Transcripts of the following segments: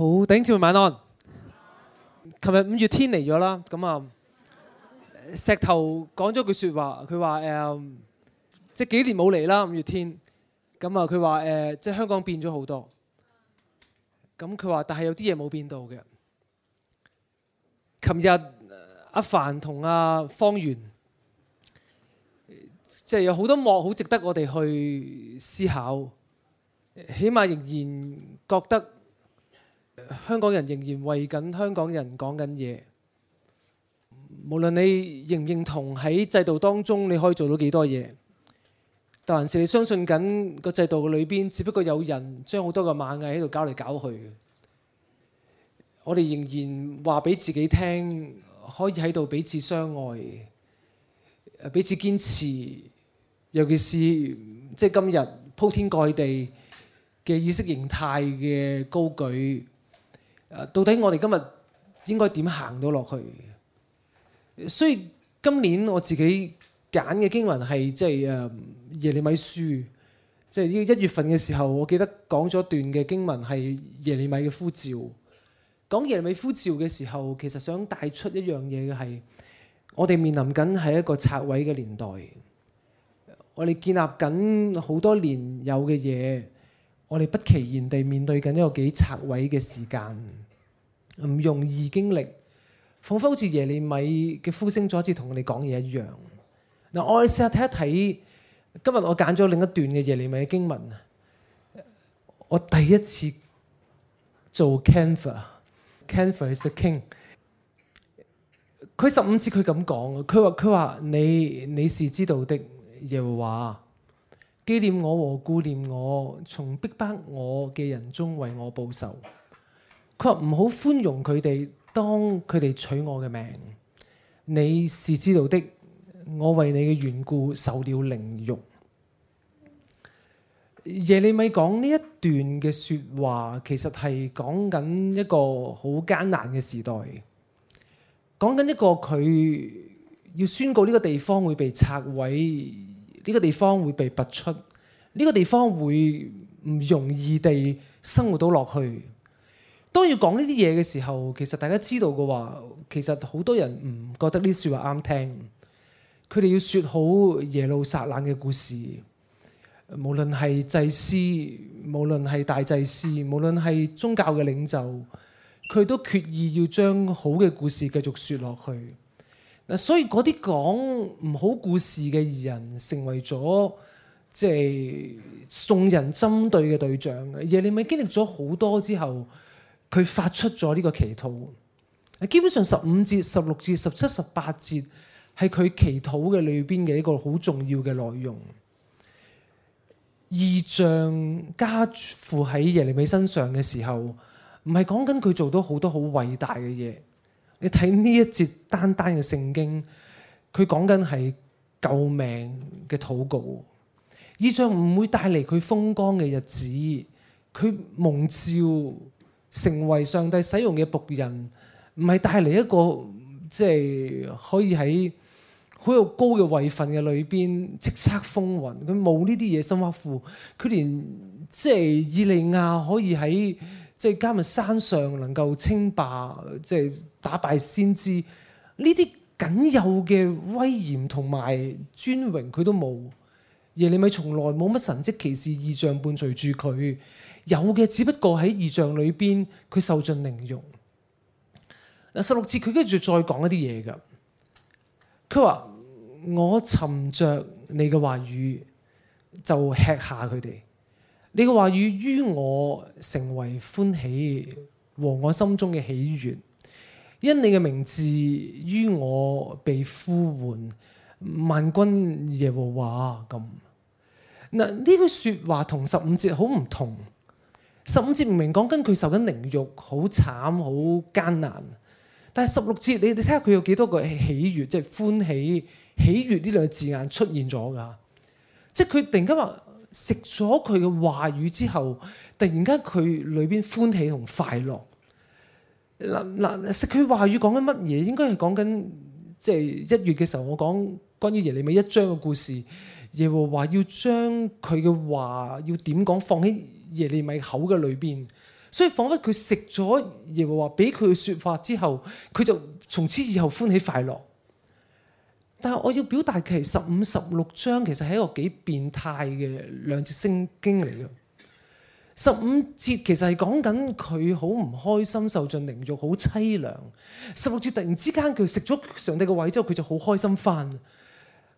好，頂住晚安。琴日五月天嚟咗啦，咁啊，石頭講咗句説話，佢話誒，即係幾年冇嚟啦，五月天，咁啊，佢話誒，即係香港變咗好多，咁佢話，但係有啲嘢冇變到嘅。琴日阿凡同阿方圓，即係有好多幕好值得我哋去思考，起碼仍然覺得。香港人仍然為緊香港人講緊嘢，無論你認唔認同喺制度當中你可以做到幾多嘢，但係你相信緊個制度嘅裏邊，只不過有人將好多嘅螞蟻喺度搞嚟搞去。我哋仍然話俾自己聽，可以喺度彼此相愛，彼此堅持，尤其是即係今日鋪天蓋地嘅意識形態嘅高舉。到底我哋今日應該點行到落去？所以今年我自己揀嘅經文係即係誒耶利米書，即係呢一月份嘅時候，我記得講咗段嘅經文係耶利米嘅呼召。講耶利米呼召嘅時候，其實想帶出一樣嘢嘅係，我哋面臨緊係一個拆毀嘅年代，我哋建立緊好多年有嘅嘢。我哋不期然地面對緊一個幾拆位嘅時間，唔容易經歷，彷彿好似耶利米嘅呼聲再次同我哋講嘢一樣。嗱，我試下睇一睇，今日我揀咗另一段嘅耶利米嘅經文啊。我第一次做 Canva，Canva is the king。佢十五節佢咁講，佢話佢話你，你是知道的耶和華。紀念我和顧念我，從逼迫我嘅人中為我報仇。佢話，唔好寬容佢哋，當佢哋取我嘅命。你是知道的，我為你嘅緣故受了凌辱。耶利米講呢一段嘅說話，其實係講緊一個好艱難嘅時代，講緊一個佢要宣告呢個地方會被拆毀。呢個地方會被拔出，呢個地方會唔容易地生活到落去。當要講呢啲嘢嘅時候，其實大家知道嘅話，其實好多人唔覺得呢啲説話啱聽。佢哋要説好耶路撒冷嘅故事，無論係祭司，無論係大祭司，無論係宗教嘅領袖，佢都決意要將好嘅故事繼續説落去。所以嗰啲講唔好故事嘅人，成為咗即係眾人針對嘅對象。耶利米經歷咗好多之後，佢發出咗呢個祈禱。基本上十五節、十六節、十七、十八節係佢祈禱嘅裏邊嘅一個好重要嘅內容。異象加附喺耶利米身上嘅時候，唔係講緊佢做到好多好偉大嘅嘢。你睇呢一節單單嘅聖經，佢講緊係救命嘅禱告。以上唔會帶嚟佢風光嘅日子，佢蒙召成為上帝使用嘅僕人，唔係帶嚟一個即係、就是、可以喺好有高嘅位份嘅裏邊叱咤風雲。佢冇呢啲野心，挖庫，佢連即係以利亞可以喺。即係迦密山上能夠稱霸，即係打敗先知，呢啲僅有嘅威嚴同埋尊榮佢都冇。耶利米從來冇乜神蹟奇事異象伴隨住佢，有嘅只不過喺異象裏邊佢受盡凌辱。十六節佢跟住再講一啲嘢噶，佢話我尋着你嘅話語就吃下佢哋。你嘅話語於我成為歡喜和我心中嘅喜悅，因你嘅名字於我被呼喚，萬軍耶和華咁。嗱，呢句說話同十五節好唔同。十五節唔明講跟佢受緊凌辱，好慘好艱難。但係十六節你你睇下佢有幾多個喜悅，即係歡喜喜悅呢兩個字眼出現咗噶，即係佢突然間話。食咗佢嘅話語之後，突然間佢裏邊歡喜同快樂。嗱嗱，食佢話語講緊乜嘢？應該係講緊，即係一月嘅時候，我講關於耶利米一章嘅故事。耶和華要將佢嘅話要點講，放喺耶利米口嘅裏邊。所以仿佛佢食咗耶和華俾佢嘅說法之後，佢就從此以後歡喜快樂。但係我要表達，其實十五、十六章其實係一個幾變態嘅兩節聖經嚟嘅。十五節其實係講緊佢好唔開心，受盡凌辱，好淒涼。十六節突然之間佢食咗上帝嘅位之後，佢就好開心翻。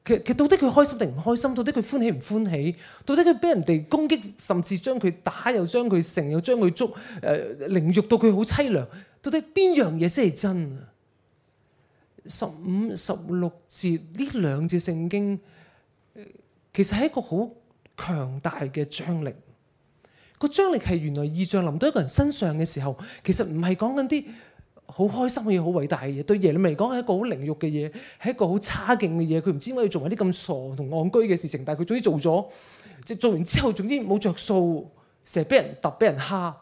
其實其到底佢開心定唔開心？到底佢歡喜唔歡喜？到底佢俾人哋攻擊，甚至將佢打，又將佢成又將佢捉，誒、呃、凌辱到佢好淒涼。到底邊樣嘢先係真？十五、十六節呢兩節聖經、呃，其實係一個好強大嘅張力。個張力係原來異象臨到一個人身上嘅時候，其實唔係講緊啲好開心嘅嘢、好偉大嘅嘢。對耶利米嚟講係一個好凌辱嘅嘢，係一個好差勁嘅嘢。佢唔知點解要做埋啲咁傻同戇居嘅事情，但係佢總之做咗，即係做完之後總之冇着數，成日俾人揼、俾人蝦。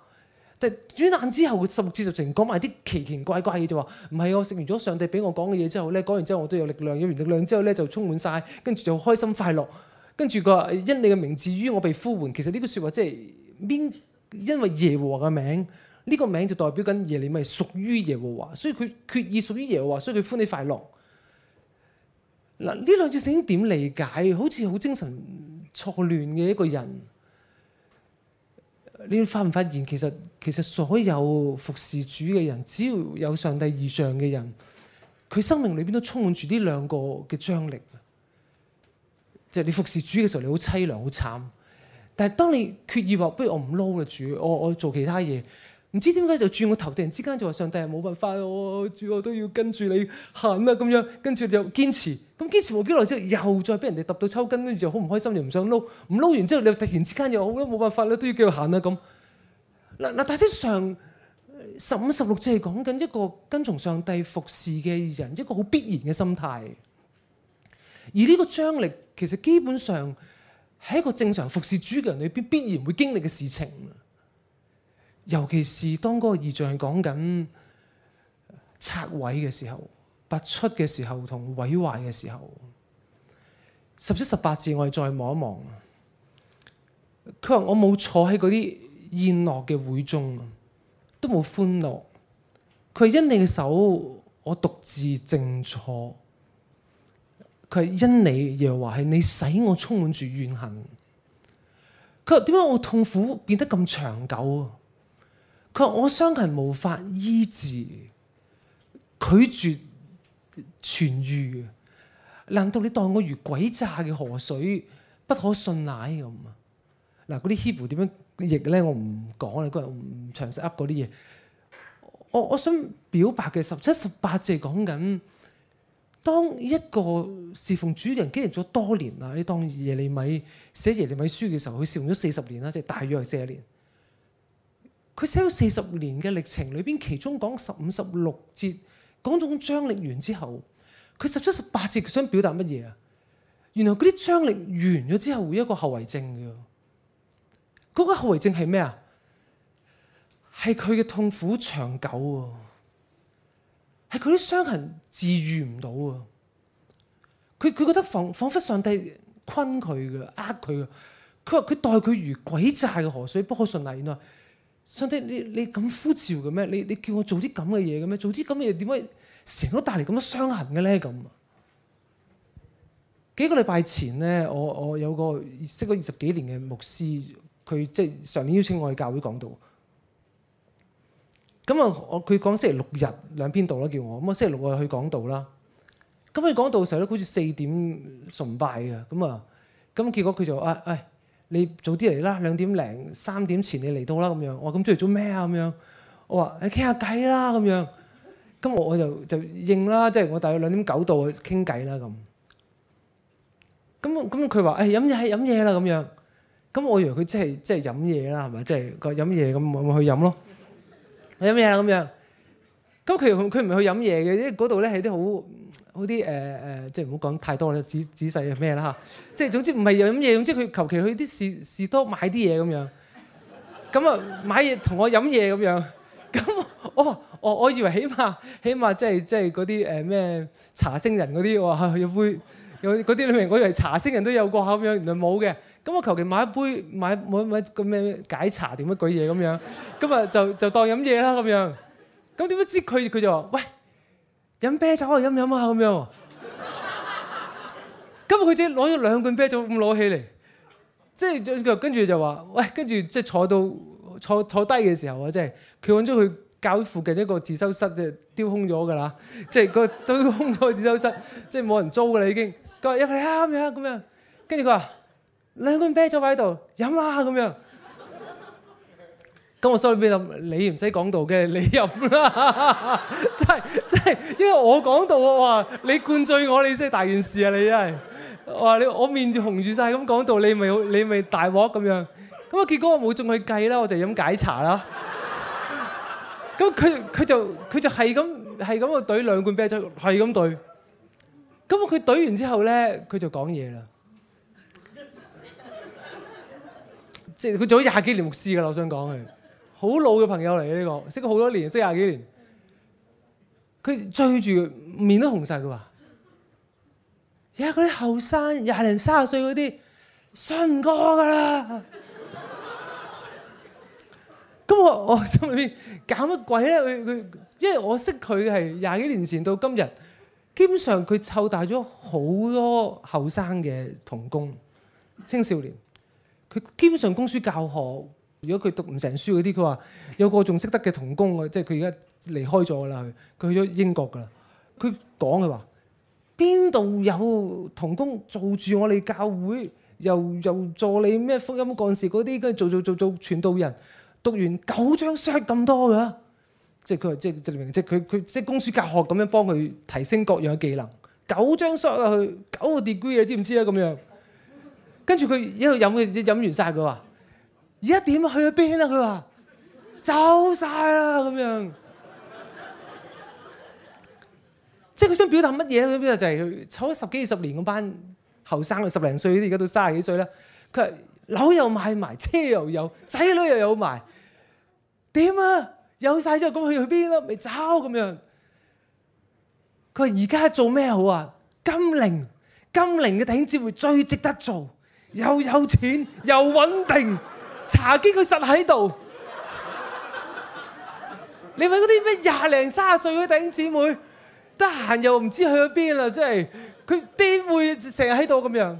就轉難之後，十六節十節講埋啲奇奇怪怪嘅。就話，唔係我食完咗上帝俾我講嘅嘢之後咧，講完之後我都有力量，有完力量之後咧就充滿晒，跟住就好開心快樂。跟住佢話因你嘅名字於我被呼喚，其實呢句説話即係邊？因為耶和華嘅名，呢個名就代表緊耶利米屬於耶和華，所以佢決意屬於耶和華，所以佢歡喜快樂。嗱呢兩節聖經點理解？好似好精神錯亂嘅一個人。你發唔發現其實其實所有服侍主嘅人，只要有上帝異象嘅人，佢生命裏邊都充滿住呢兩個嘅張力。即係你服侍主嘅時候，你好淒涼，好慘。但係當你決意話，不如我唔撈啦，主，我我做其他嘢。唔知點解就轉個頭，突然之間就話上帝係冇辦法，我主我，我都要跟住你行啦咁樣，跟住就堅持。咁堅持冇幾耐之後，又再俾人哋揼到抽筋，跟住就好唔開心，又唔想撈，唔撈完之後，你又突然之間又好啦，冇辦法啦，都要繼續行啦咁。嗱嗱，但係大體上十五十六就係講緊一個跟從上帝服侍嘅人一個好必然嘅心態，而呢個張力其實基本上係一個正常服侍主嘅人裏邊必然會經歷嘅事情。尤其是當嗰個異象係講緊拆毀嘅時候、拔出嘅時候同毀壞嘅時候，十七、十八節我哋再望一望。佢話：我冇坐喺嗰啲宴樂嘅會中，都冇歡樂。佢係因你嘅手，我獨自靜坐。佢係因你，又話係你使我充滿住怨恨。佢話點解我痛苦變得咁長久？佢話：我傷痕無法醫治，拒絕痊癒。難道你當我如詭詐嘅河水不可信賴咁啊？嗱，嗰啲希伯點樣譯咧？我唔講啦，日個唔詳細噏嗰啲嘢。我我想表白嘅十七十八字係講緊，當一個侍奉主人經歷咗多年啦。你當耶利米寫耶利米書嘅時候，佢侍奉咗四十年啦，即係大約係四十年。佢寫咗四十年嘅歷程裏邊，其中講十五十六節講到張力完之後，佢十七十八節佢想表達乜嘢啊？原來嗰啲張力完咗之後會有一個後遺症嘅，嗰個後遺症係咩啊？係佢嘅痛苦長久喎，係佢啲傷痕治愈唔到喎。佢佢覺得仿彷彿上帝困佢嘅呃佢嘅，佢話佢待佢如詭詐嘅河水不可順利原上帝，你你咁呼召嘅咩？你你，你叫我做啲咁嘅嘢嘅咩？做啲咁嘅嘢點解成日都帶嚟咁多傷痕嘅咧？咁幾個禮拜前咧，我我有個識咗二十幾年嘅牧師，佢即係上年邀請我去教會講道。咁啊，我佢講星期六日兩篇道啦，叫我咁啊星期六啊去道講道啦。咁佢講道嘅時候咧，好似四點崇拜嘅。咁啊，咁結果佢就啊啊～、哎哎你早啲嚟啦，兩點零三點前你嚟到啦咁、嗯、樣。我咁早嚟做咩啊？咁樣，樣我話你傾下偈啦咁樣。咁我我就就應啦，即係我大約兩點九度去傾偈啦咁。咁咁佢話誒飲嘢飲嘢啦咁樣。咁、哎、我以為佢真係即係飲嘢啦係咪？即係個飲嘢咁咁去飲咯。飲嘢啦咁樣。咁佢佢唔係去飲嘢嘅，因為嗰度咧係啲好。嗰啲誒誒，即係唔好講太多啦，仔仔細係咩啦嚇？即係總之唔係飲嘢，總之佢求其去啲士士多買啲嘢咁樣，咁啊買嘢同我飲嘢咁樣，咁哦哦，我以為起碼起碼即係即係嗰啲誒咩茶星人嗰啲喎，又、嗯、杯有啲你明，我以為茶星人都有過咁樣，原來冇嘅。咁我求其買一杯買買買，買，買個咩解茶點乜鬼嘢咁樣，咁啊就就，就當飲嘢啦咁樣。咁點不知佢佢就話：喂！飲啤酒啊，可以飲飲啊咁樣，今日佢自己攞咗兩罐啤酒咁攞起嚟，即係跟住就話，喂，跟住即係坐到坐坐低嘅時候啊，即係佢揾咗佢教會附近一個自修室，即係丟空咗㗎啦， 即係個丟空咗自修室，即係冇人租㗎啦已經。佢話：入嚟啊，咁、嗯啊、樣，咁樣，跟住佢話兩罐啤酒喺度飲啊，咁樣。咁我心裡邊諗，你唔使講道嘅，你入啦！即係即係，因為我講道啊，你灌醉我，你真係大件事啊！你真係，我話你，我面紅住晒。咁講道，你咪你咪大鑊咁樣。咁啊，結果我冇中佢計啦，我就飲解茶啦。咁佢佢就佢就係咁係咁去對兩罐啤酒，係咁對。咁啊，佢對完之後咧，佢就講嘢啦。即係佢做咗廿幾年牧師㗎喇，我想講佢。好老嘅朋友嚟嘅呢個，識咗好多年，識廿幾年。佢醉住，面都紅晒。佢話：而家嗰啲後生，廿零、卅歲嗰啲，信唔過㗎啦。咁 我我心裏邊搞乜鬼咧？佢佢，因為我識佢係廿幾年前到今日，基本上佢湊大咗好多後生嘅童工、青少年。佢基本上供書教學。如果佢讀唔成書嗰啲，佢話有個仲識得嘅童工啊，即係佢而家離開咗噶啦，佢佢去咗英國噶啦。佢講佢話邊度有童工做住我哋教會，又又助理咩福音幹事嗰啲，跟住做做做做傳道人，讀完九張 s h o c 咁多噶，即係佢即係即明，即佢佢即係公司教學咁樣幫佢提升各樣技能，九張 s h o c 啊，佢九個 degree 啊，知唔知啊？咁樣，跟住佢一路飲嘅，飲完晒佢話。而家點啊？去咗邊啦？佢話走晒啦咁樣， 即係佢想表達乜嘢？佢邊度就係、是、坐咗十幾二十年咁班後生，十零歲而家都三十幾歲啦。佢話樓又買埋，車又有，仔女又有埋，點啊？有晒之後咁去去邊咯？咪走咁樣。佢話而家做咩好啊？金領，金領嘅頂尖職位最值得做，又有錢又穩定。 茶几佢實喺度，你問嗰啲咩廿零卅歲嗰頂姊妹，得閒又唔知去咗邊啦，即係佢點會成日喺度咁樣？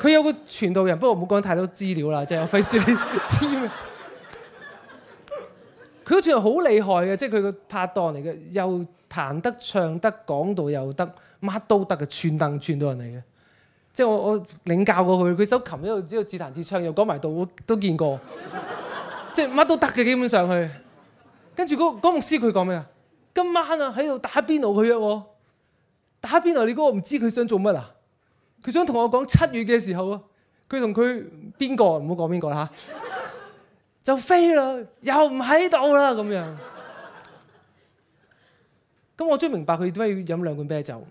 佢有個傳道人，不過唔好講太多資料啦， 即係我費事你知咩？佢好似係好厲害嘅，即係佢個拍檔嚟嘅，又彈得、唱得、講道又得，乜都得嘅串凳串到人嚟嘅。即係我我領教過佢，佢手琴喺度，只有自彈自唱又講埋道，我都見過。即係乜都得嘅，基本上佢，跟住嗰嗰牧師佢講咩啊？今晚啊喺度打邊爐佢喎，打邊爐你估我唔知佢想做乜啊？佢想同我講七月嘅時候啊，佢同佢邊個唔好講邊個啦嚇，就飛啦，又唔喺度啦咁樣。咁我終於明白佢點解要飲兩罐啤酒。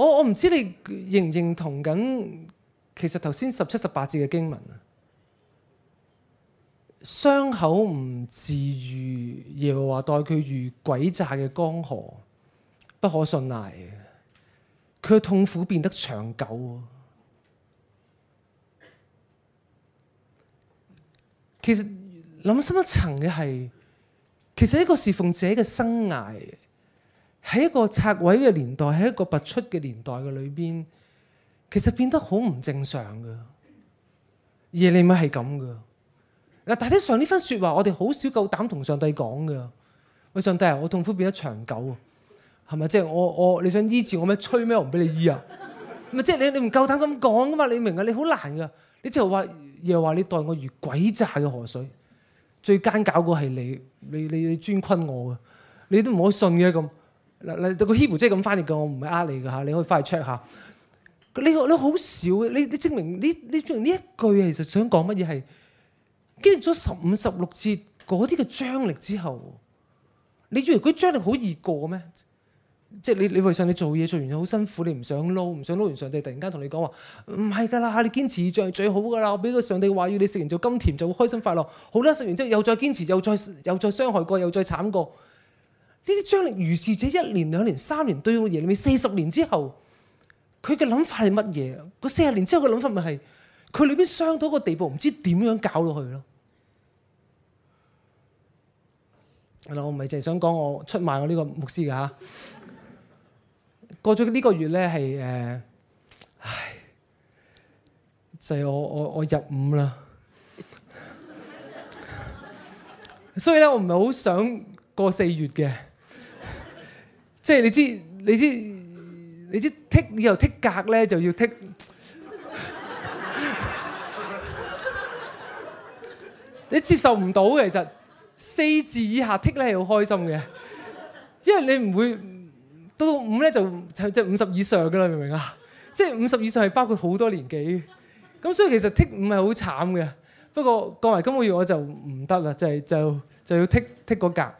我我唔知你認唔認同緊，其實頭先十七十八節嘅經文啊，傷口唔治癒，耶和華待佢如詭詐嘅江河，不可信賴，佢嘅痛苦變得長久。其實諗深一層嘅係，其實一個侍奉者嘅生涯。喺一個拆毀嘅年代，喺一個拔出嘅年代嘅裏邊，其實變得好唔正常嘅。而你咪係咁嘅。嗱，大體上呢番説話，我哋好少夠膽同上帝講嘅。喂，上帝啊，我痛苦變得長久啊，係咪？即係我我你想醫治我咩？吹咩？我唔俾你醫啊。咪即係你你唔夠膽咁講噶嘛？你明啊？你好難噶。你又話又話你待我如詭詐嘅河水，最奸狡個係你，你你專坤我啊，你都唔可信嘅咁。嗱嗱、這個希布即係咁翻譯嘅，我唔係呃你嘅吓，你可以翻去 check 下。你你好少嘅，你你證明呢你證明呢一句其實想講乜嘢係經歷咗十五十六次嗰啲嘅張力之後，你以為佢張力好易過咩？即係你你回想你上做嘢做完好辛苦，你唔想撈唔想撈完上帝突然間同你講話唔係㗎啦，你堅持著係最好㗎啦，我俾個上帝話要你食完就甘甜就會開心快樂。好啦，食完之後又再堅持又再又再傷害過又再慘過。呢啲張力如是者，一年、兩年、三年，對到耶利米四十年之後，佢嘅諗法係乜嘢？個四十年之後嘅諗法咪係佢裏邊傷到個地步，唔知點樣搞落去咯。係咯，我咪淨係想講我出賣我呢個牧師嘅嚇。過咗呢個月咧，係誒、呃，唉，就係、是、我我我入伍啦。所以咧，我唔係好想過四月嘅。即係你知，你知，你知剔以後剔格咧，就要剔。 你接受唔到嘅，其實四字以下剔咧係好開心嘅，因為你唔會到五咧就就即係五十以上㗎喇，明唔明啊？即係五十以上係包括好多年紀，咁所以其實剔五係好慘嘅。不過過埋今個月我就唔得啦，就係、就、就就要剔剔嗰格。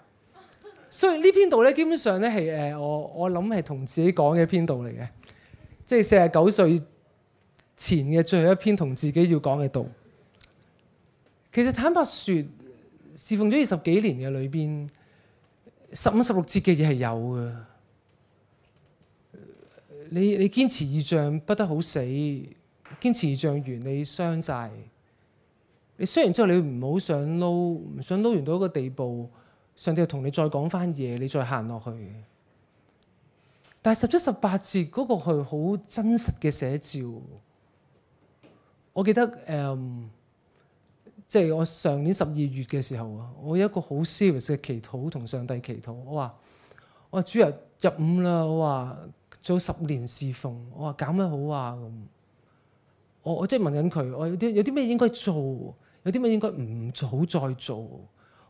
所以呢篇道咧，基本上咧係誒我我諗係同自己講嘅一篇道嚟嘅，即係四十九歲前嘅最後一篇同自己要講嘅道。其實坦白説，侍奉咗二十幾年嘅裏邊，十五十六節嘅嘢係有㗎。你你堅持異象，不得好死，堅持異象完你傷晒。你傷完之後你唔好想撈，唔想撈完到一個地步。上帝同你再講翻嘢，你再行落去。但係十七、十八節嗰、那個係好真實嘅寫照。我記得誒，即、嗯、係、就是、我上年十二月嘅時候啊，我有一個好 serious 嘅祈禱同上帝祈禱，我話我主啊，入伍啦，我話做十年侍奉，我話搞乜好啊咁。我我即係問緊佢，我有啲有啲咩應該做，有啲咩應該唔好再做。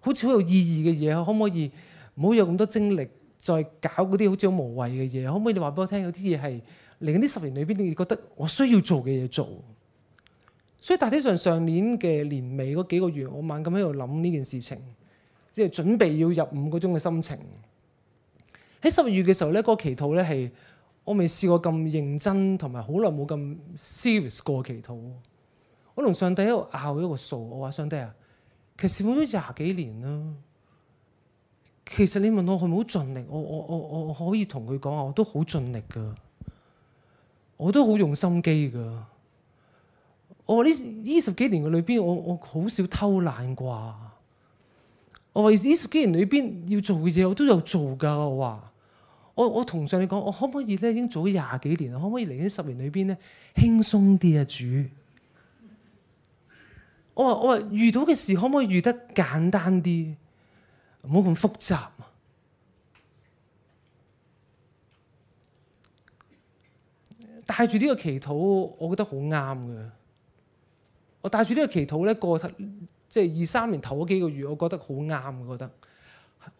好似好有意義嘅嘢，可唔可以唔好有咁多精力再搞嗰啲好似好無謂嘅嘢？可唔可以你話俾我聽，有啲嘢係嚟緊呢十年裏邊，你覺得我需要做嘅嘢做。所以大體上上年嘅年尾嗰幾個月，我猛咁喺度諗呢件事情，即係準備要入五個鐘嘅心情。喺十二月嘅時候咧，嗰個祈禱咧係我未試過咁認真，同埋好耐冇咁 serious 過祈禱。我同上帝喺度拗一個數，我話上帝啊～其實冇咗廿幾年啦。其實你問我係唔係好盡力，我我我我可以同佢講啊，我都好盡力噶，我都好用心機噶。我話呢呢十幾年嘅裏邊，我我好少偷懶啩。我話呢十幾年裏邊要做嘅嘢，我都有做噶。我話我我同上帝講，我可唔可以咧，已經做咗廿幾年，可唔可以嚟呢十年裏邊咧，輕鬆啲啊主？我話我話遇到嘅事可唔可以遇得簡單啲，唔好咁複雜。帶住呢個祈禱，我覺得好啱嘅。我帶住呢個祈禱咧，過即係二三年頭嗰幾個月，我覺得好啱。我覺得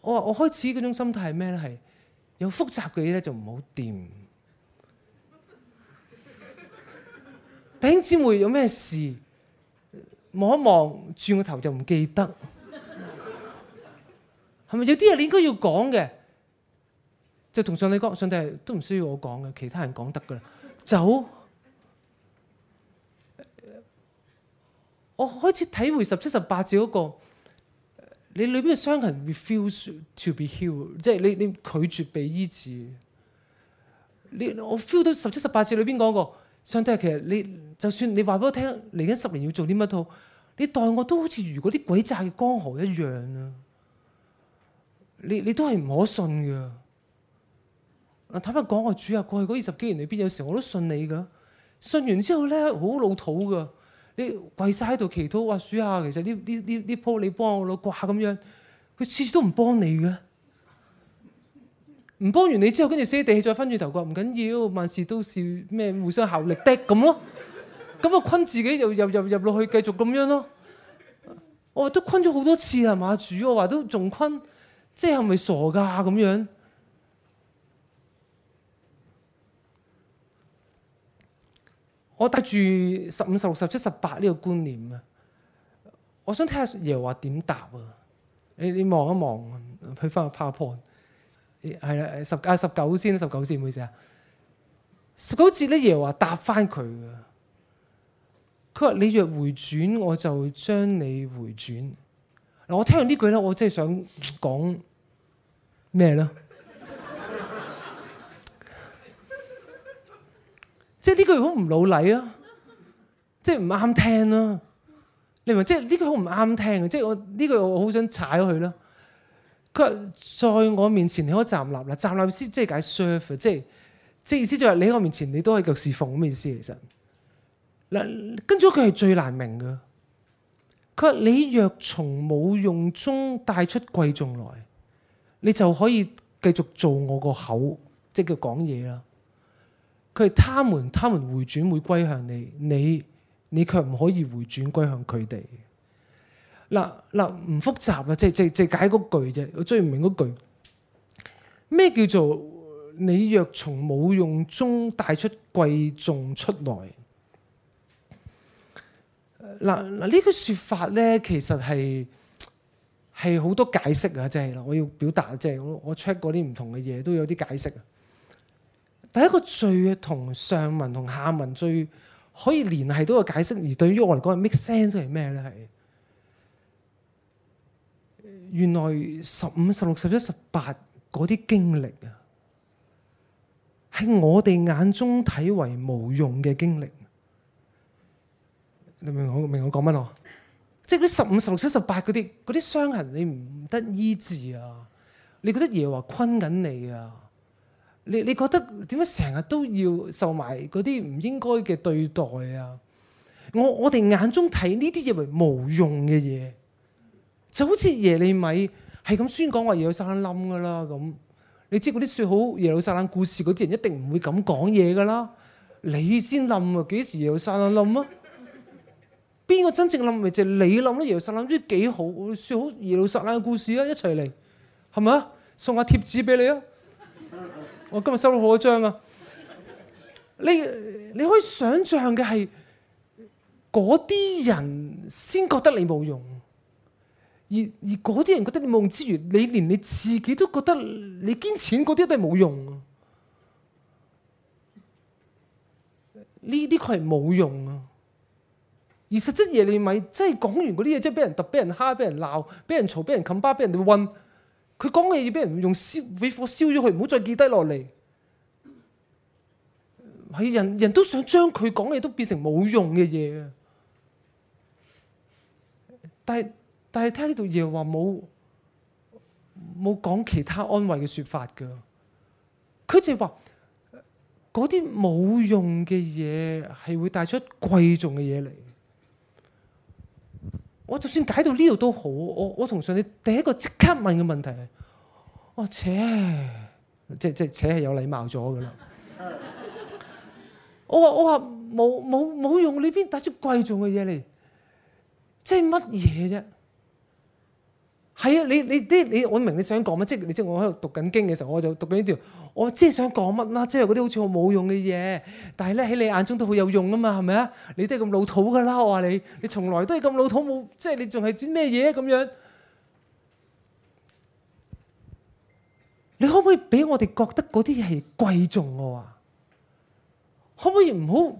我話我開始嗰種心態係咩咧？係有複雜嘅嘢咧，就唔好掂。弟兄姊妹有咩事？望一望，轉個頭就唔記得，係咪有啲嘢你應該要講嘅？就同上帝講，上帝，上帝都唔需要我講嘅，其他人講得㗎啦，走。我開始體會十七十八字嗰個，你裏邊嘅傷痕 refuse to be healed，即係你你拒絕被醫治。你我 feel 到十七十八字裏邊講過。上帝啊，其實你就算你話俾我聽，嚟緊十年要做啲乜套，你待我都好似如果啲詭詐嘅江河一樣啊。你你都係唔可信噶。坦白講，我主啊，過去嗰二十幾年裏邊有時我都信你噶，信完之後咧好老土噶，你跪晒喺度祈禱話主啊，其實呢呢呢呢鋪你幫我攞卦咁樣，佢次次都唔幫你嘅。唔幫完你之後，跟住死地氣，再翻轉頭講唔緊要，萬事都是咩互相效力的咁咯。咁啊，困自己又又入入落去，繼續咁樣咯。我話都困咗好多次啦，馬主，我話都仲困，即係係咪傻噶咁樣？我帶住十五、十六、十七、十八呢個觀念啊，我想睇下爺話點答啊。你你望一望，去翻個 PowerPoint。係啦，十啊十九先，十九先，唔好意思啊。十九節咧，耶和華話答翻佢嘅。佢話：你若回轉，我就將你回轉。嗱，我聽完呢句咧，我真係想講咩咧？即係呢句好唔老禮啊！即係唔啱聽啊。你咪即係呢句好唔啱聽啊！即係我呢句我好想踩咗佢啦。佢話在我面前你可以站立啦，站立意思即係解 serve，即係即係意思就係你喺我面前，你都可以叫侍奉咁嘅意思。其實，嗱，跟住佢係最難明嘅。佢話，你若從冇用中帶出貴重來，你就可以繼續做我個口，即係叫講嘢啦。佢係他們，他們回轉會歸向你，你你卻唔可以回轉歸向佢哋。嗱嗱唔複雜啊，即係即係即係解嗰句啫。我最唔明嗰句咩叫做你若從冇用中帶出貴重出來？嗱嗱呢句説法咧，其實係係好多解釋啊！即係我要表達，即係我我 check 過啲唔同嘅嘢，都有啲解釋啊。第一個最同上文同下文最可以連係到嘅解釋，而對於我嚟講係 make sense 係咩咧？係原來十五、十六、十七、十八嗰啲經歷啊，喺我哋眼中睇為無用嘅經歷，你明我明我講乜咯？即係嗰十五、十六、十七、十八嗰啲嗰啲傷痕，你唔得醫治啊？你覺得耶華困緊你啊？你你覺得點解成日都要受埋嗰啲唔應該嘅對待啊？我我哋眼中睇呢啲嘢為無用嘅嘢。就好似耶利米係咁宣講，話耶路撒冷冧噶啦咁，你知嗰啲説好耶路撒冷故事嗰啲人一定唔會咁講嘢噶啦。你先冧啊，幾時耶路撒冷冧啊？邊個真正冧咪就係你冧咯，耶路撒冷啲幾好説好耶路撒冷嘅故事啊，一齊嚟係咪啊？送下貼紙俾你啊！我今日收到好多張啊！你你可以想像嘅係嗰啲人先覺得你冇用。而而嗰啲人覺得你冇用之餘，你連你自己都覺得你捐錢嗰啲都係冇用啊！呢啲佢係冇用啊！而實質嘢你咪真係講完嗰啲嘢，即係俾人揼、俾人蝦，俾人鬧，俾人嘈，俾人冚巴，俾人哋混。佢講嘅嘢要俾人用燒，俾火燒咗佢，唔好再記低落嚟。係人人都想將佢講嘅嘢都變成冇用嘅嘢啊！但係。但係睇呢度嘢話，冇冇講其他安慰嘅説法嘅，佢就係話嗰啲冇用嘅嘢係會帶出貴重嘅嘢嚟。我就算解到呢度都好，我我同上你第一個即刻問嘅問題我切，即即且係有禮貌咗嘅啦。我話我話冇冇冇用，你邊帶出貴重嘅嘢嚟？即係乜嘢啫？係啊，你你啲你我明你想講乜？即係你即係我喺度讀緊經嘅時候，我就讀緊呢段。我即係想講乜啦？即係嗰啲好似我冇用嘅嘢，但係咧喺你眼中都好有用啊嘛，係咪啊？你都係咁老土噶啦！我話你，你從來都係咁老土，冇即係你仲係轉咩嘢咁樣？你可唔可以俾我哋覺得嗰啲嘢係貴重啊？可唔可以唔好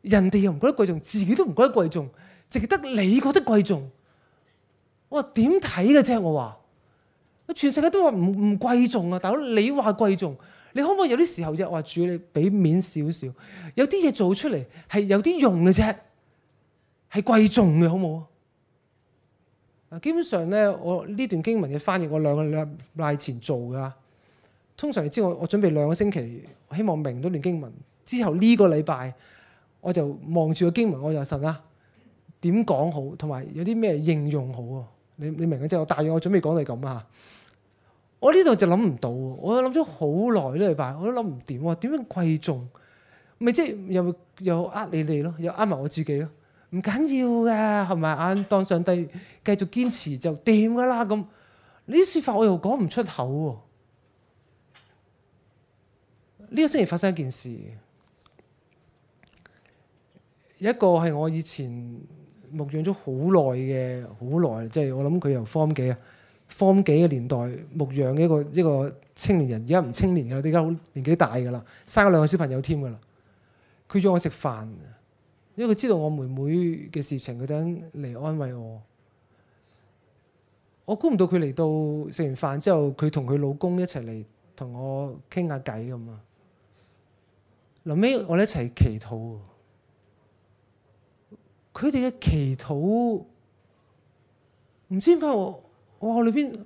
人哋又唔覺得貴重，自己都唔覺得貴重，淨係得你覺得貴重？我點睇嘅啫，我話，全世界都話唔唔貴重啊！大佬你話貴重，你可唔可以有啲時候啫話主要你俾面少少？有啲嘢做出嚟係有啲用嘅啫，係貴重嘅，好冇啊！基本上咧，我呢段經文嘅翻譯，我兩個禮拜前做㗎。通常你知我，我準備兩個星期，我希望明到段經文，之後呢個禮拜，我就望住個經文，我就問啦：點講好？同埋有啲咩應用好啊？你你明嘅啫，我大約我準備講你咁啊，我呢度就諗唔到，我諗咗好耐呢個禮拜，我都諗唔掂喎，點樣貴重？咪即係又又呃你哋咯，又呃埋我自己咯，唔緊要嘅，合埋眼當上帝繼續堅持就掂噶啦咁。呢啲説法我又講唔出口喎。呢個星期發生一件事，一個係我以前。牧養咗好耐嘅，好耐，即係我諗佢由方幾、方幾嘅年代牧養嘅一個一個青年人，而家唔青年㗎啦，而家好年紀大㗎啦，生咗兩個小朋友添㗎啦。佢約我食飯，因為佢知道我妹妹嘅事情，佢等嚟安慰我。我估唔到佢嚟到食完飯之後，佢同佢老公一齊嚟同我傾下偈咁啊！臨尾我哋一齊祈禱。佢哋嘅祈禱，唔知點解我我裏邊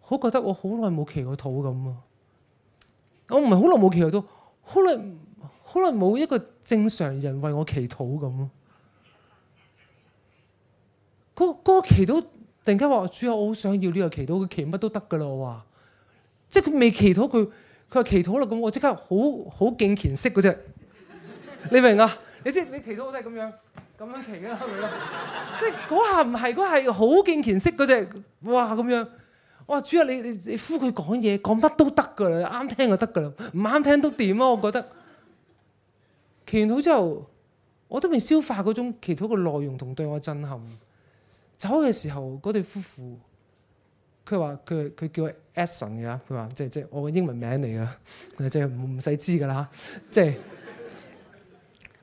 好覺得我好耐冇祈過禱咁啊！我唔係好耐冇祈過禱，好耐好耐冇一個正常人為我祈禱咁咯。嗰嗰、嗰個祈禱突然間話：主要我好想要呢個祈禱，佢祈乜都得噶啦！我話，即係佢未祈禱，佢佢話祈禱啦咁，我即刻好好敬虔式嗰隻，你明啊？ 你知你祈禱我都係咁樣。咁樣祈啦，係咪啊？ 即係嗰下唔係，嗰係好見賢識嗰隻，哇咁樣。我主要你你你呼佢講嘢，講乜都得噶啦，啱聽就得噶啦，唔啱聽都點啊？我覺得祈完好之後，我都未消化嗰種祈禱嘅內容同對我嘅震撼。走嘅時候，嗰對夫婦，佢話佢佢叫 Ashton 嘅，佢話即係即係我嘅英文名嚟嘅、就是，即係唔使知噶啦，即係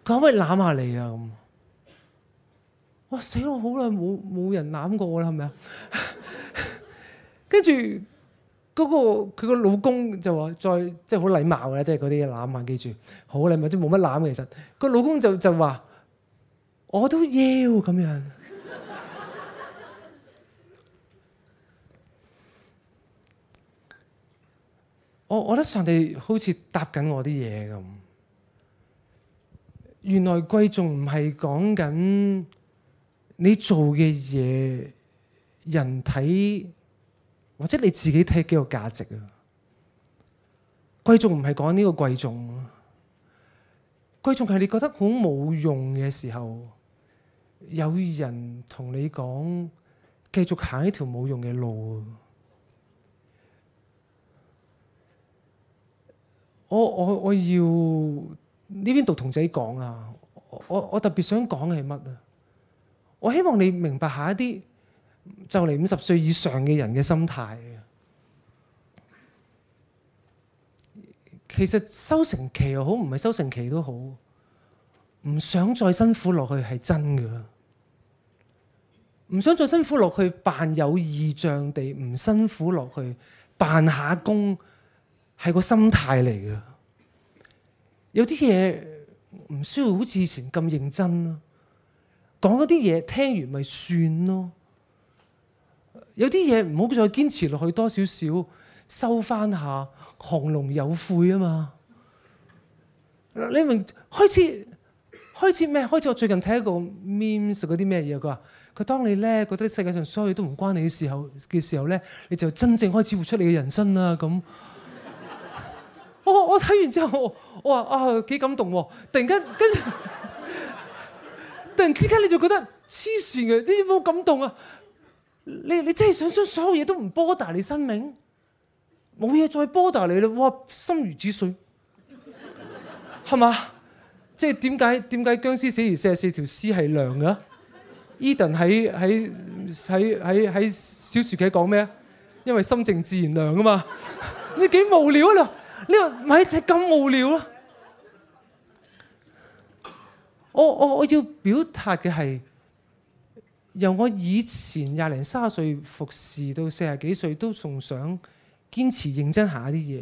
佢可唔可以攬下你啊咁？哇！死我好耐冇冇人攬過我啦，係咪啊？跟住嗰佢個老公就話，再，即係好禮貌嘅，即係嗰啲攬啊！記住，好禮貌，即冇乜攬其實。個老公就就話，我都要咁樣。 我我覺得上帝好似答緊我啲嘢咁。原來貴仲唔係講緊。你做嘅嘢，人睇或者你自己睇幾有價值啊？貴重唔係講呢個貴重，貴重係你覺得好冇用嘅時候，有人同你講繼續行一條冇用嘅路。我我我要呢邊讀同仔講啊！我我特別想講係乜啊？我希望你明白下一啲就嚟五十歲以上嘅人嘅心態。其實收成期又好，唔係收成期都好，唔想再辛苦落去係真嘅。唔想再辛苦落去，扮有意象地唔辛苦落去，扮下工係個心態嚟嘅。有啲嘢唔需要好似以前咁認真啦。講嗰啲嘢聽完咪算咯，有啲嘢唔好再堅持落去，多少少收翻下，亢龍有悔啊嘛！你明開始開始咩？開始我最近睇一個 Memes 嗰啲咩嘢，佢話佢，當你咧覺得世界上所有嘢都唔關你嘅時候嘅時候咧，你就真正開始活出你嘅人生啦咁。 我我睇完之後，我話啊幾感動喎！突然間跟住。 突然之間你就覺得黐線嘅，點有冇感動啊？你你真係想將所有嘢都唔 bother 你生命，冇嘢再 bother 你啦！哇，心如止水，係嘛？即係點解點解殭屍死而四十四條屍係涼嘅？Eden 喺喺喺喺喺小説嘅講咩啊？因為心靜自然涼啊嘛！ 你幾無聊啊？你話你話咪就咁無聊啊？我我我要表達嘅係由我以前廿零三十歲服侍到四十幾歲都仲想堅持認真下啲嘢，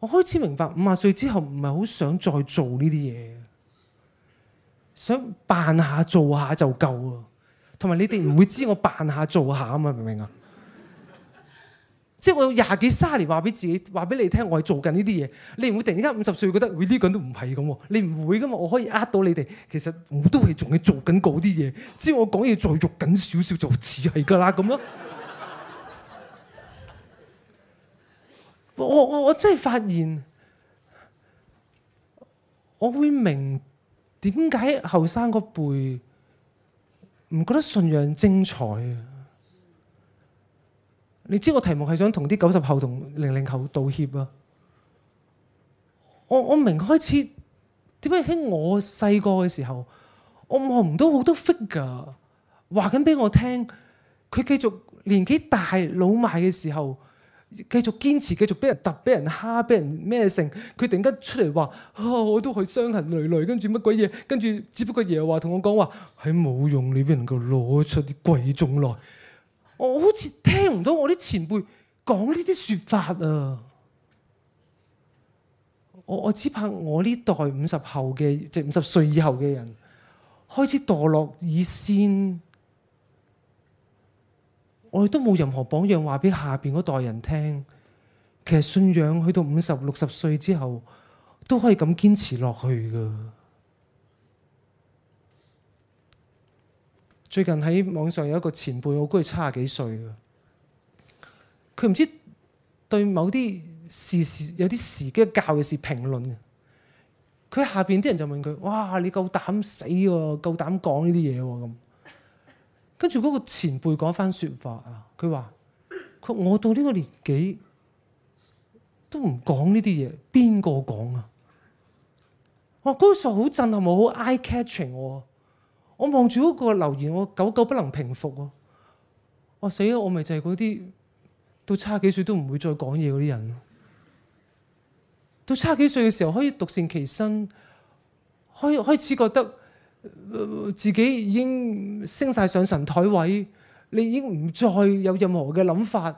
我開始明白五十歲之後唔係好想再做呢啲嘢，想扮下做下就夠喎，同埋你哋唔會知我扮下做下啊嘛，明唔明啊？即係我有廿幾卅年話俾自己話俾你聽，我係做緊呢啲嘢。你唔會突然之間五十歲覺得喂，呢個人都唔係咁喎。你唔會噶嘛？我可以呃到你哋。其實我都係仲係做緊嗰啲嘢，只要我講嘢再喐緊少，少少就似係噶啦咁咯。我我我真係發現，我會明點解後生個輩唔覺得信仰精彩啊。你知我題目係想同啲九十後同零零後道歉啊。我我我明開始點解喺我細個嘅時候，我望唔到好多 figure，話緊俾我聽。佢繼續年紀大老邁嘅時候，繼續堅持，繼續俾人揼，俾人蝦，俾人咩剩。佢突然間出嚟話、哦：我都係傷痕累累，跟住乜鬼嘢？跟住只不過耶和華同我講話，喺、哎、冇用，你邊能夠攞出啲貴重來？我好似聽唔到我啲前輩講呢啲説法啊！我我只怕我呢代五十後嘅，即五十歲以後嘅人開始墮落以先，我哋都冇任何榜樣話俾下邊嗰代人聽。其實信仰去到五十六十歲之後，都可以咁堅持落去㗎。最近喺網上有一個前輩，我估佢七十幾歲嘅，佢唔知對某啲時事有啲時機教嘅事評論嘅。佢下邊啲人就問佢：哇，你夠膽死喎、啊，夠膽講呢啲嘢喎咁。跟住嗰個前輩講翻説法啊，佢話：佢我到呢個年紀都唔講呢啲嘢，邊個講啊？哇，嗰時候好震撼喎，好 eye catching 喎。我望住嗰個留言，我久久不能平復啊。我死啊，我咪就係嗰啲到差幾歲都唔會再講嘢嗰啲人。到差幾歲嘅時候可以獨善其身，可以開始覺得、呃、自己已經升晒上神台位，你已經唔再有任何嘅諗法。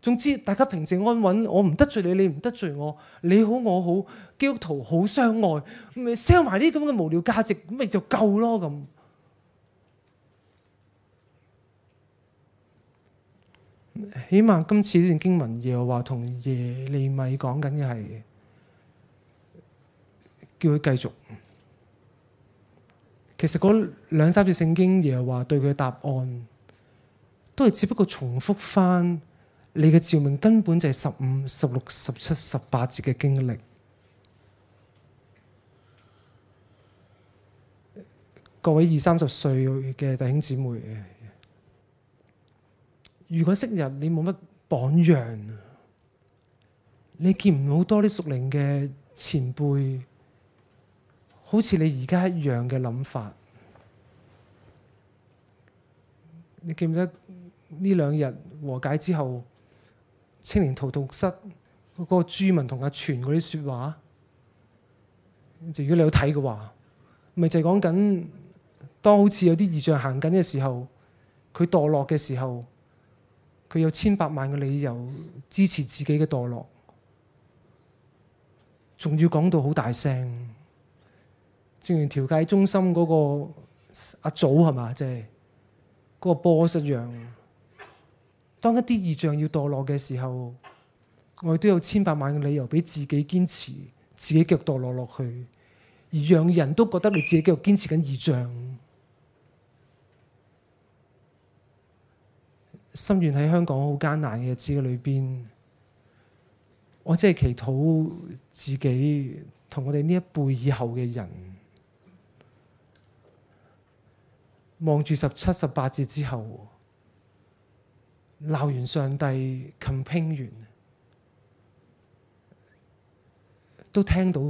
總之大家平靜安穩，我唔得罪你，你唔得罪我，你好我好，基督徒好相愛，咪 sell 埋啲咁嘅無聊價值，咪就夠咯咁。起碼今次呢段經文，耶和華同耶利米講緊嘅係叫佢繼續。其實嗰兩三節聖經，耶和華對佢嘅答案都係只不過重複翻你嘅召命，根本就係十五、十六、十七、十八節嘅經歷。各位二三十歲嘅弟兄姊妹。如果昔日你冇乜榜樣，你見唔到好多啲屬靈嘅前輩，好似你而家一樣嘅諗法。你記唔記得呢兩日和解之後，青年圖圖室嗰個朱文同阿全嗰啲説話，就如果你有睇嘅話，咪就係講緊當好似有啲異象行緊嘅時候，佢墮落嘅時候。佢有千百萬嘅理由支持自己嘅墮落，仲要講到好大聲。正如調解中心嗰、那個阿、啊、祖係嘛，即係嗰、那個波式樣，當一啲異象要墮落嘅時候，我哋都有千百萬嘅理由俾自己堅持，自己腳墮落落去，而讓人都覺得你自己繼續堅持緊異象。心願喺香港好艱難嘅日子裏邊，我只係祈禱自己同我哋呢一輩以後嘅人，望住十七、十八節之後鬧完上帝，琴拼完都聽到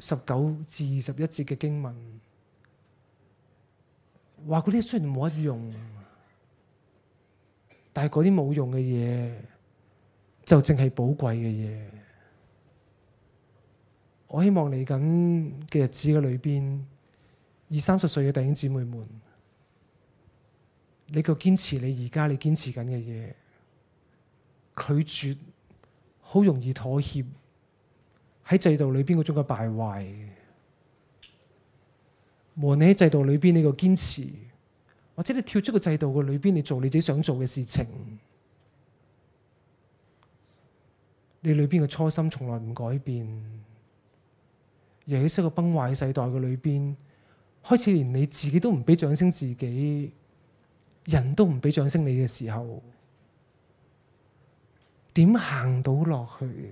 十九至二十一節嘅經文，話嗰啲雖然冇乜用。但係嗰啲冇用嘅嘢，就淨係寶貴嘅嘢。我希望嚟緊嘅日子嘅裏邊，二三十歲嘅弟兄姊妹們，你個堅持，你而家你堅持緊嘅嘢，拒絕好容易妥協，喺制度裏邊嗰種嘅敗壞。無論你喺制度裏邊你個堅持。或者你跳出個制度嘅裏邊，你做你自己想做嘅事情，你裏邊嘅初心從來唔改變。尤其係個崩壞世代嘅裏邊，開始連你自己都唔俾掌聲自己，人都唔俾掌聲你嘅時候，點行到落去？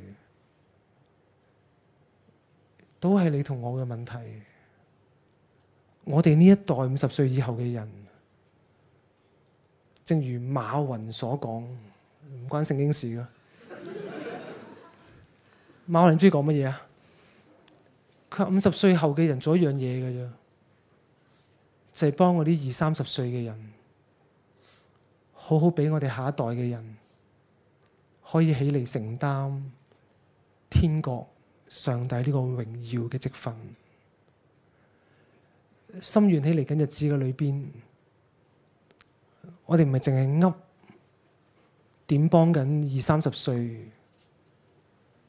都係你同我嘅問題。我哋呢一代五十歲以後嘅人。正如馬雲所講，唔關聖經事㗎。 馬雲鍾意講乜嘢啊？佢五十歲後嘅人做一樣嘢嘅啫，就係、是、幫我啲二三十歲嘅人，好好俾我哋下一代嘅人可以起嚟承擔天國上帝呢個榮耀嘅職分，心願起嚟緊日子嘅裏邊。我哋唔係淨係噏，點幫緊二三十歲？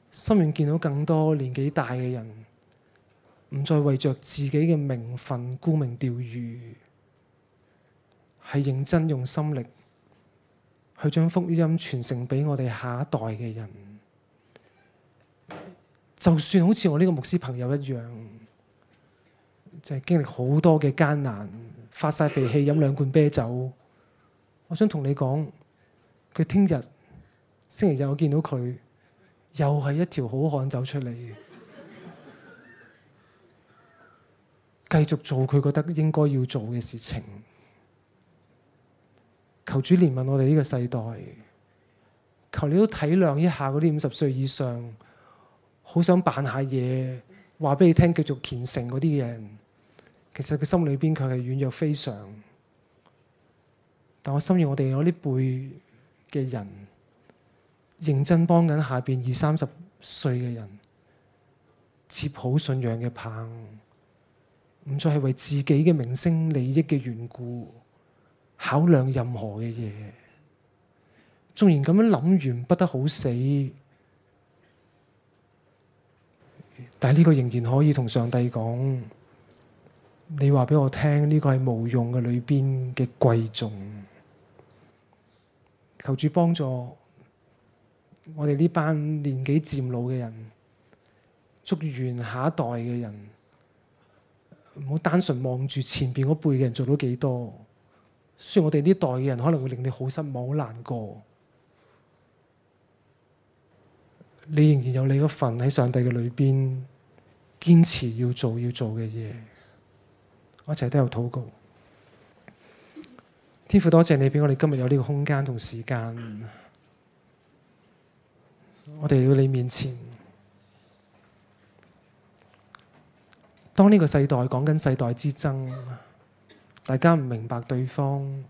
心願見到更多年紀大嘅人，唔再為着自己嘅名分沽名釣譽，係認真用心力去將福音傳承俾我哋下一代嘅人。就算好似我呢個牧師朋友一樣，就係、是、經歷好多嘅艱難，發晒脾氣，飲兩罐啤酒。我想同你講，佢聽日星期日我見到佢，又係一條好漢走出嚟。 繼續做佢覺得應該要做嘅事情。求主憐憫我哋呢個世代，求你都體諒一下嗰啲五十歲以上，好想扮下嘢，話俾你聽繼續虔誠嗰啲嘅人，其實佢心裏邊卻係軟弱非常。但我心願，我哋我呢輩嘅人，認真幫緊下邊二三十歲嘅人接好信仰嘅棒，唔再係為自己嘅名聲利益嘅緣故考量任何嘅嘢，縱然咁樣諗完不得好死，但係呢個仍然可以同上帝講：你話俾我聽，呢、呢個係無用嘅裏邊嘅貴重。求主幫助我哋呢班年紀漸老嘅人，祝願下一代嘅人，唔好單純望住前面嗰輩嘅人做到幾多，雖然我哋呢代嘅人可能會令你好失望，好難過，你仍然有你嗰份喺上帝嘅裏邊堅持要做要做嘅嘢，我一直都有禱告。天父多謝你俾我哋今日有呢個空間同時間，嗯、我哋嚟到你面前。當呢個世代講緊世代之爭，大家唔明白對方，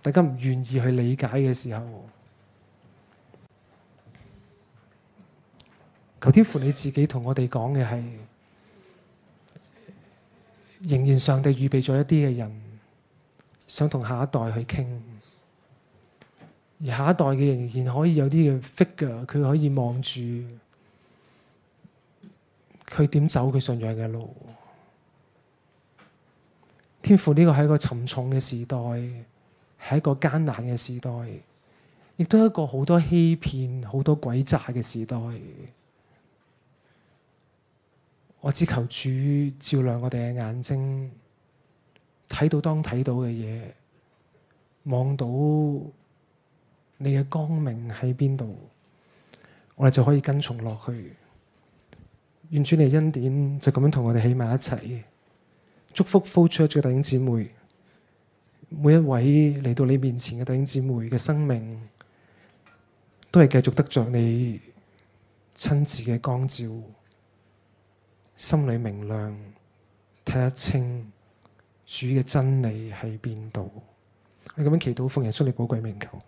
大家唔願意去理解嘅時候，求天父你自己同我哋講嘅係，仍然上帝預備咗一啲嘅人。想同下一代去傾，而下一代嘅仍然可以有啲嘅 figure，佢可以望住佢點走佢信仰嘅路。天父呢個係一個沉重嘅時代，係一個艱難嘅時代，亦都係一個好多欺騙、好多詭詐嘅時代。我只求主照亮我哋嘅眼睛。睇到當睇到嘅嘢，望到你嘅光明喺邊度，我哋就可以跟從落去。完全嚟恩典就咁樣同我哋喺埋一齊。祝福 flow church 嘅弟兄姊妹，每一位嚟到你面前嘅弟兄姊妹嘅生命，都係繼續得着你親自嘅光照，心裏明亮，睇得清。主嘅真理喺邊度？你咁樣祈禱奉耶穌嘅寶貴名求。